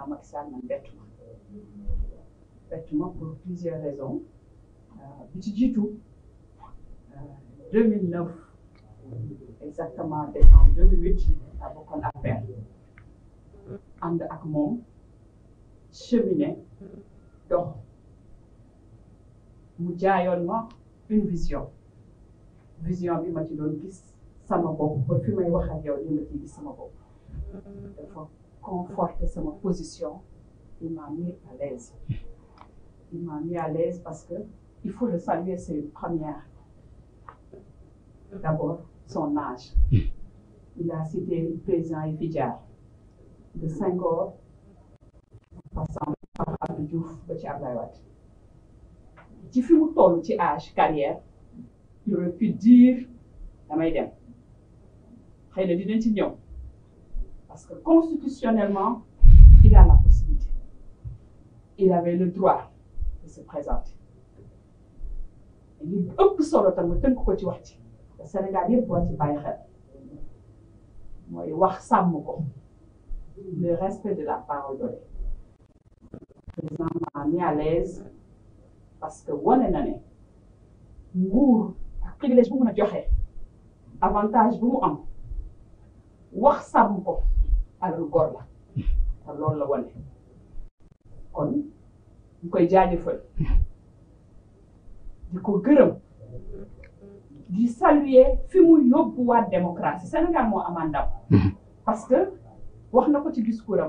président Macky Sall man bett ma bett ma pour plusieurs raisons euh, bi ci jiitu 2009 euh, exactement décembre 2008 laa bokkoon affaire ànd ak moom cheminé dox mu jaayoon ma une vision vision bi ma ci doon gis sama bopp ba fi may wax ak yow li ma ci gis sama bopp dafa conforté ma position il m'a mis à l'aise il m'a mis à l'aise parce que il faut le saluer c'est une première d'abord son âge il a cité le président et de ans, passant par Abdou Diouf ba ci Abdoulaye Wade âge carrière il aurait pu dire la dem xëy na dinañ parce que constitutionnellement, il a la possibilité. Il avait le droit de se présenter. Et ëpp solo tam de tënk ko ci wax Le Sénégal pour être ci bàyyi xel mooy wax sàmm ko le respect de la parole donnée président m'a mis à l'aise parce que wane na ne nguur les privilège bu nous a avantage bu nous am wax sam ko alal saluer la te loolu la kon koy di ko saluer fi mu yóbbu démocratie Sénégal moo amaan mhm. parce que wax ci discours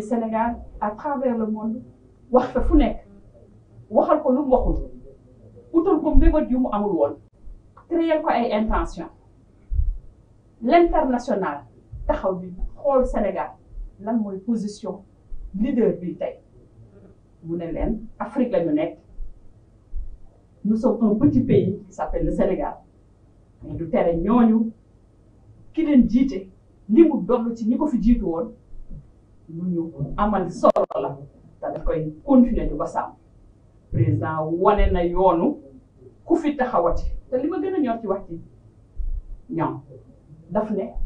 Sénégal à travers le monde wax fa fu nekk waxal ko lu waxul utal ko yu amul créer intention l'international taxaw bi xool Sénégal lan mooy position leader bi tey mu ne leen Afrique la ñu nekk nous sommes un petit pays sapel s'appelle le du tere ñooñu ki leen jiite li mu dollu ci ñi ko fi jiitu woon lu ñu amal solo la te daf koy continuer ñu ba sàmm président wane na yoonu ku fi taxawati te li ma gën a ñor ci wax ci ñoom daf ne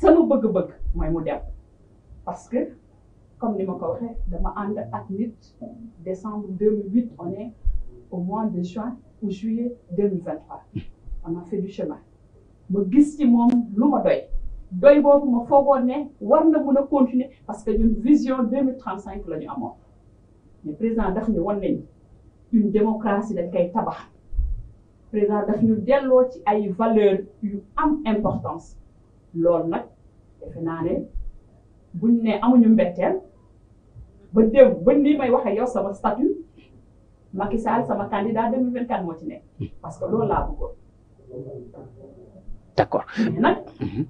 sama bëgg-bëgg mooy mu moderne, parce que comme ni ma ko je dama ànd décembre 2008 on est au mois de juin ou juillet 2023 on a fait du chemin ma gis ci moom lu ma doy doy boobu ma foogoon ne war na mun continuer parce que une vision 2035 la Le président a dit wan une démocratie dañ tabac. tabax président dit ñu y a ay valeurs yu am importance loolu nag defe naa ne buñ ne amuñu mbetteel ba démb ba nii may waxee yow sama statut Macky Sall sama candidat 2024 moo ci nekk parce que loolu laa bëggoon. d' accord mais nag. Mhm.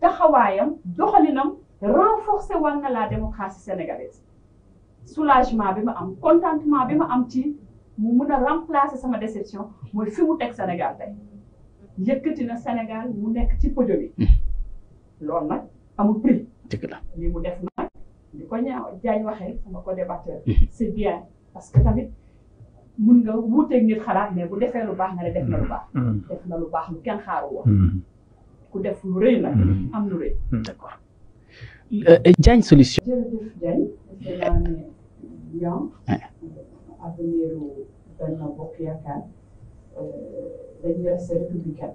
taxawaayam doxalinam renforcer war na la démocratie sénégalaise soulagement bi ma am contentement bi ma am ci mu mun a remplacer sama déception mooy fi mu teg Sénégal tey yëkkati na Sénégal mu nekk ci podium bi. loolu nag amu prix. dëgg la li mu def nag di ko ñaaw jaañ waxee sama ko débatteur. Mhm. c'est bien parce que tamit mun nga wuuteeg nit xalaat mais bu defee lu baax nga ne def na lu mhm. baax. Mhm. def na lu baax lu kenn xaaru woon. ku def lu rëy nag. am lu rëy. jaañ euh, solution. jërëjëf Diagne defe ñoom. avenir benn bokk yaakaar euh, dañuy resté républicain.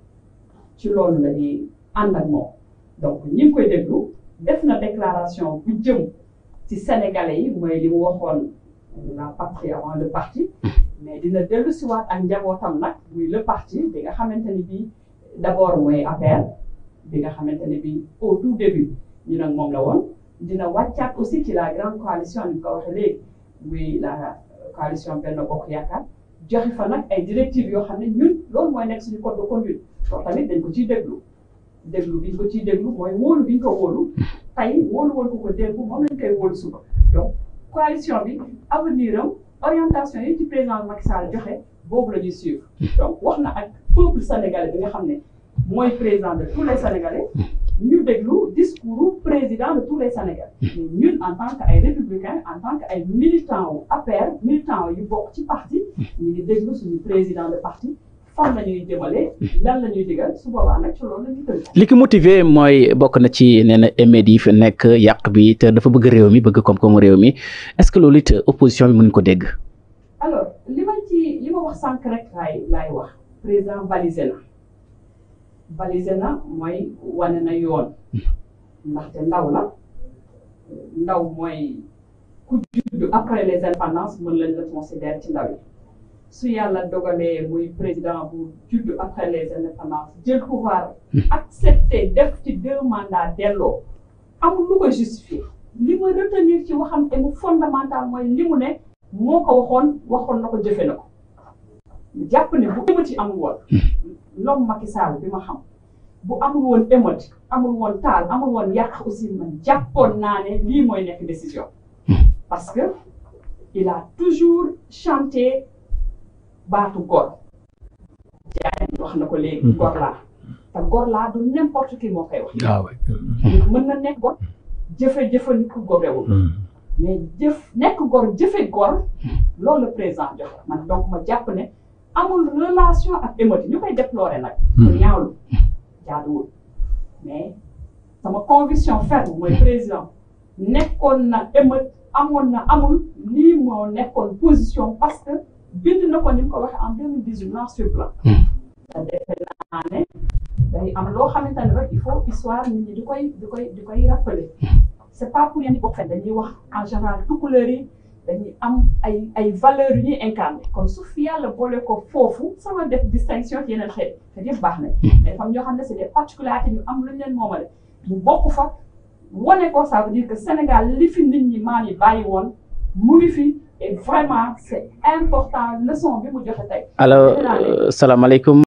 ci loolu la ñuy ànd ak moom donc ñi ngi koy déglu def na déclaration bu jëm ci sénégalais yi mooy li mu waxoon la patrie avant le parti mais dina dellu si waat ak njabootam nag muy le parti bi nga xamante ni bii d' abord mooy affaire bi nga xamante ne bii au tout début ñu nag moom la woon dina wàccaat aussi ci la grande coalition ni ko waxee léegi muy la coalition Benno Bokk Yaakaar joxe fa nag ay directives yoo xam ne ñun loolu mooy nekk suñu code de conduite soo tamit dañ ko ciy déglu déglu bi ñu ko ciy déglu mooy wóolu bi ñu ko wóolu tey wóolu woon ko ko déglu moom lañ koy wóolu suba donc coalition bi avenir am orientation yi ci président Macky Sall joxe boobu la ñuy suivre donc wax na ak peuple sénégalais bi nga xam ne mooy président de tous les sénégalais ñu déglu discours président de tous les sénégalais ñun en tant que ay républicain en tant que ay militant wu APR militant yu bokk ci parti ñu ngi déglu suñu président de parti fan la ñuy jëmale lan la ñuy digal su nag ci li ko motiver mooy bokk na ci nee na émeet yi fi nekk yàq bi te dafa bëgg réew mi bëgg comme koomu réew mi est-ce que loolu it opposition bi mën ko dégg. alors li ma ci li ma wax sànq rek laay laay wax président balisé na balisé na mooy wane na yoon ndaxte ndaw la ndaw mooy ku après les indépendances mën lañ la considérer ci ndaw yi. su yàlla dogalee muy président bu judd après les indépendances jël pouvoir accepter def ci deux mandats delloo amul lu ko justifier li ma retenir ci waxam te mu fondamental mooy li mu ne moo ko waxoon waxoon na ko jëfe na ko jàpp ne bu émeute yi amul woon l'homme Macky Sall bi ma xam bu amul woon émeute amul woon taal amul woon yàq aussi man jàppoon naa ne lii mooy nekk décision hmm. parce que il a toujours chanté baatu góor jaay wax na ko léegi hmm. góor laa te góor laa du n'importe qui moo koy wax ah mën na nekk góor jëfe-jëfe ni ku góorewul hmm. mais jëf nekk góor jëfe góor loolu président joxe man donc ma jàpp ne amul relation ak émeute ñu koy déplorer nag ñu hmm. ñaawlu mais sama conviction ferme mooy président nekkoon na émeute amoon na amul lii moo nekkoon position parce bind na ko ni ko waxee en 2018 mille dix huit noir sur blanc. Hmm. defe naa ne day am loo xamante ne rek il faut histoire nit ñi di koy di koy di koy rappeler. Hmm. c' est pas pour yéen bokk dañuy wax en général tout couleur yi dañuy am ay ay valeurs yu ñuy incarné kon su fi yàlla boole ko foofu sama def distinction yeneen xeet te yëpp baax na. Hmm. mais fam ñoo xam ne c' est des particularités ñu am lu ñu leen moomale mu bokk fa wane ko ça veut dire que Sénégal li fi nit ñi maa ngi bàyyi woon mu ngi fi et vraiment c'est important leçon bi mu joxe tey. alors euh, salam alaikum.